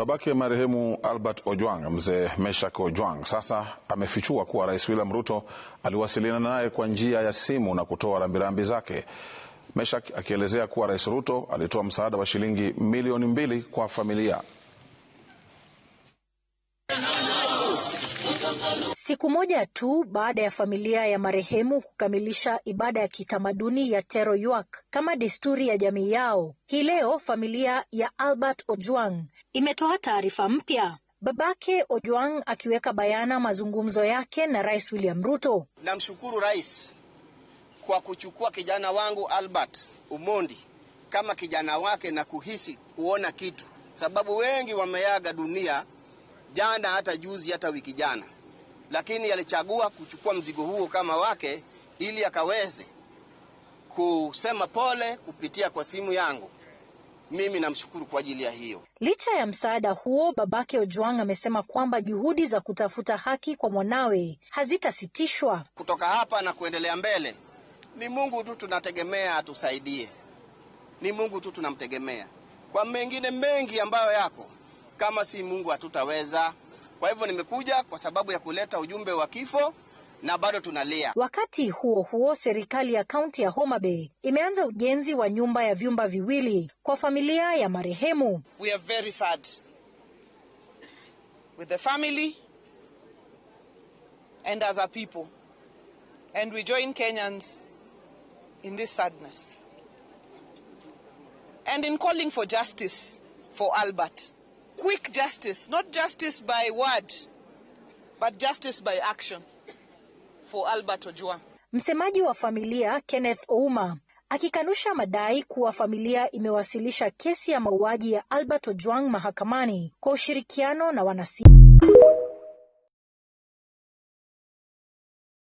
Babake marehemu Albert Ojwang, mzee Meshak Ojwang, sasa amefichua kuwa Rais William Ruto aliwasiliana naye kwa njia ya simu na kutoa rambirambi zake. Meshak akielezea kuwa Rais Ruto alitoa msaada wa shilingi milioni mbili kwa familia Siku moja tu baada ya familia ya marehemu kukamilisha ibada ya kitamaduni ya Tero yuak kama desturi ya jamii yao, hii leo familia ya Albert Ojwang imetoa taarifa mpya. Babake Ojwang akiweka bayana mazungumzo yake na Rais William Ruto. Namshukuru rais kwa kuchukua kijana wangu Albert Umondi kama kijana wake na kuhisi kuona kitu, sababu wengi wameaga dunia jana, hata juzi, hata wiki jana lakini alichagua kuchukua mzigo huo kama wake ili akaweze kusema pole kupitia kwa simu yangu. Mimi namshukuru kwa ajili ya hiyo. Licha ya msaada huo, babake Ojwang amesema kwamba juhudi za kutafuta haki kwa mwanawe hazitasitishwa. Kutoka hapa na kuendelea mbele, ni Mungu tu tunategemea atusaidie, ni Mungu tu tunamtegemea. Kwa mengine mengi ambayo yako, kama si Mungu hatutaweza kwa hivyo nimekuja kwa sababu ya kuleta ujumbe wa kifo na bado tunalia. Wakati huo huo, serikali ya kaunti ya Homa Bay imeanza ujenzi wa nyumba ya vyumba viwili kwa familia ya marehemu. We are very sad with the family and as a people and we join Kenyans in this sadness and in calling for justice for Albert quick justice, not justice by word, but justice by action for Albert Ojua. Msemaji wa familia Kenneth Ouma akikanusha madai kuwa familia imewasilisha kesi ya mauaji ya Albert Ojwang mahakamani kwa ushirikiano na wanasiasa.